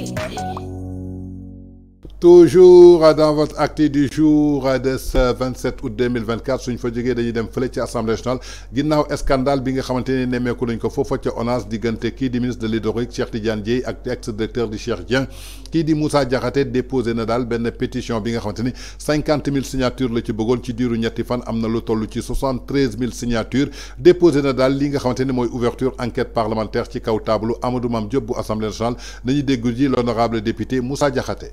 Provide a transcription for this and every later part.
Yeah. toujours dans votre acte du jour de ce 27 août 2024 suñ fa jógee dañuy dem fële ci assemblée nationale ginnaaw scandale bi nga xamante ne nemmeeku nañ ko foofa ca ONAS diggante kii di ministre de l'hydraulique Cheikh Tidiane Dièye ak ex directeur du Cheikh Dieng kii di Moussa Diakhaté déposé na daal pétition bi nga xamante 50 000 signatures la ci bëggoon ci diiru ñetti fan am lu ci signatures déposé na daal li nga xamante ni ouverture enquête parlementaire ci kaw tableau Amadou Mame Diop bu assemblée nationale nañu dégg l'honorable député Moussa Diakhaté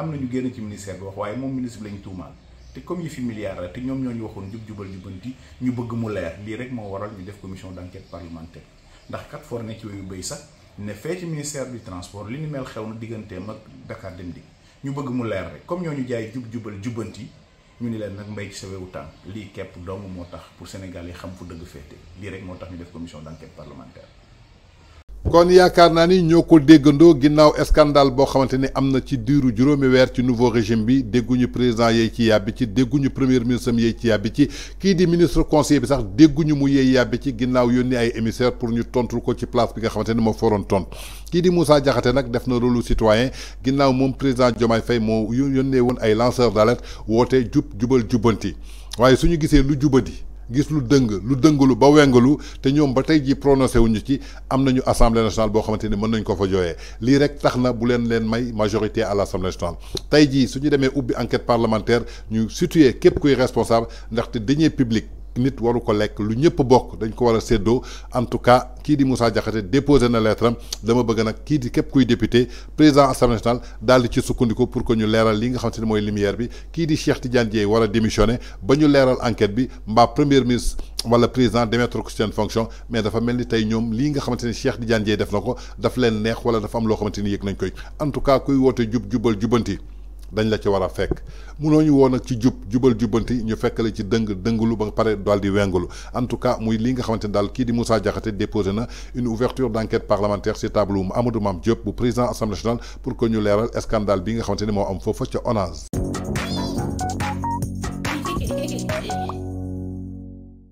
amna ñu génn ci ministère bi wax waye mom ministre bi lañ tuumaal té comme yi fi milliards la te ñoo ñu waxon jub jubal jubanti ñu bëgg mu leer li rek mo waral ñu def commission d'enquête parlementaire ndax kat for ne ci sax ne fé ci ministère du transport li ni mel xew na digënté ak Dakar dem dikk ñu bëgg mu leer rek comme ñoo ñu jaay jub jubal jubanti ñu ni leen nak mbay ci sa wewu tànk lii képp doomu motax pour sénégalais xam fu dëgg fété li rek motax ñu def commission d'enquête parlementaire kon yaakaar naa ni ñoo ko déggandoo ginnaaw scandale boo xamante ni ci diiru juróomi ci nouveau régime bi dégguñu président yeey ci yàbbi ci premier ministre am le ci yàbbi ci di ministre conseiller bi sax dégguñu mu yeey yàbbi ci ginnaaw yónni ay émissaire pour ñu tontu ko ci place bi nga xamante ni moo tont kii di Moussa Diakhaté nag def na citoyen ginnaaw moom président Diomaye Faye moo yónnee ay lanceur d'alerte woote jub jubal jubanti waaye suñu gisee lu gis lu dëng lu dëngalu ba wengalu te ñoom ba tey ji prononcé wuñu ci am nañu assemblée nationale boo xamante ni mën nañ ko fa jooyee lii rek tax na bu leen leen may majorité à l' assemblée nationale tey jii su ñu demee ubbi enquête parlementaire ñu situer képp kuy responsable ndaxte deniers public nit waru ko lek lu ñepp bok dañ ko war seddo en tout cas ki di Moussa Diakhaté déposé na lettre dama bëgg nak ki di képp kuy député président assemblée nationale dal di ci sukkandiku pour que ñu léral li nga xamante moy lumière bi ki di Cheikh Tidiane Diaye war a démissionné ba ñu léral enquête bi mba premier ministre wala président démettre ko seen fonction mais dafa melni tay ñom li nga xamante ne Cheikh Tidiane Diaye def nako daf leen neex wala dafa am lo xamante ni yëg nañ koy en tout cas kuy woté jub jubal jubanti dañ la ci wara fekk munoo ñu woon ak ci jub jubal jubbanti ñu fekkale ci dëng dëngulu ba paré dal di wengulu en tout cas muy li nga xamante dal ki di Moussa Diakhaté déposé na une ouverture d'enquête parlementaire ci tableau Amadou Mam Diop bu président assemblée nationale pour que ñu leeral scandale bi nga xamante ne moo am fofu ci ONAS